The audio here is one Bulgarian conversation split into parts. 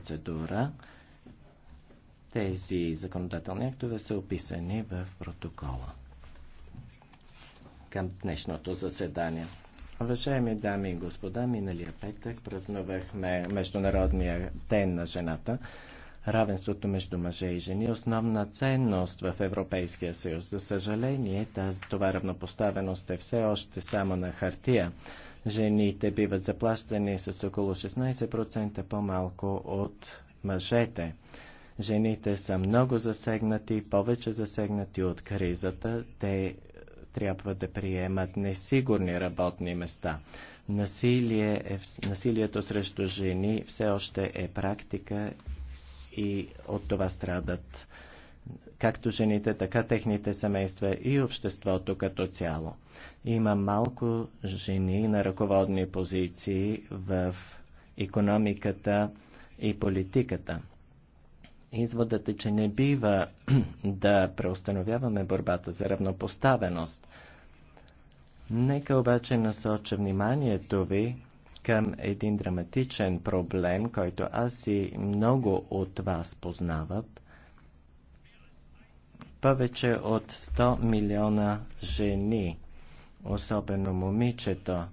процедура. Тези законодателни актове са описани в протокола към днешното заседание. Уважаеми дами и господа, миналия петък празнувахме Международния ден на жената равенството между мъже и жени е основна ценност в Европейския съюз. За съжаление, тази, това равнопоставеност е все още само на хартия. Жените биват заплащани с около 16% по-малко от мъжете. Жените са много засегнати, повече засегнати от кризата. Те е, трябва да приемат несигурни работни места. Насилие е, насилието срещу жени все още е практика и от това страдат както жените, така техните семейства и обществото като цяло. Има малко жени на ръководни позиции в економиката и политиката. Изводът е, че не бива да преустановяваме борбата за равнопоставеност. Нека обаче насоча вниманието ви към един драматичен проблем, който аз и много от вас познават. Повече от 100 милиона жени, особено момичета,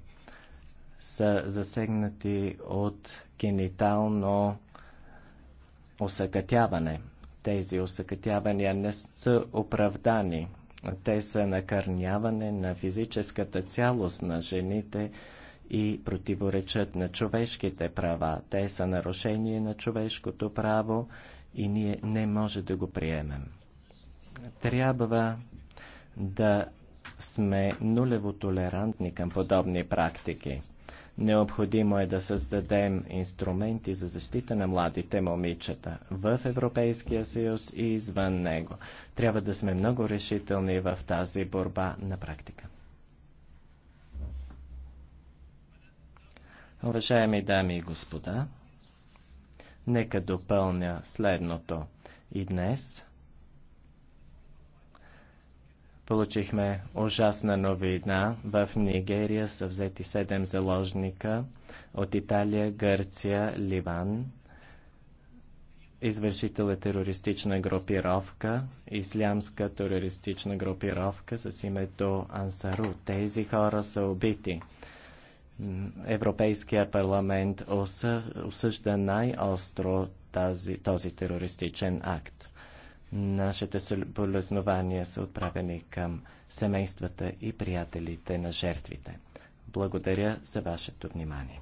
са засегнати от генитално осъкътяване. Тези осъкътявания не са оправдани. Те са накърняване на физическата цялост на жените, и противоречат на човешките права. Те са нарушение на човешкото право и ние не може да го приемем. Трябва да сме нулево толерантни към подобни практики. Необходимо е да създадем инструменти за защита на младите момичета в Европейския съюз и извън него. Трябва да сме много решителни в тази борба на практика. Уважаеми дами и господа, нека допълня следното. И днес получихме ужасна новина. В Нигерия са взети 7 заложника от Италия, Гърция, Ливан. Извършител е терористична групировка, ислямска терористична групировка с името Ансару. Тези хора са убити. Европейския парламент осъжда най-остро този терористичен акт. Нашите болезнования са отправени към семействата и приятелите на жертвите. Благодаря за вашето внимание.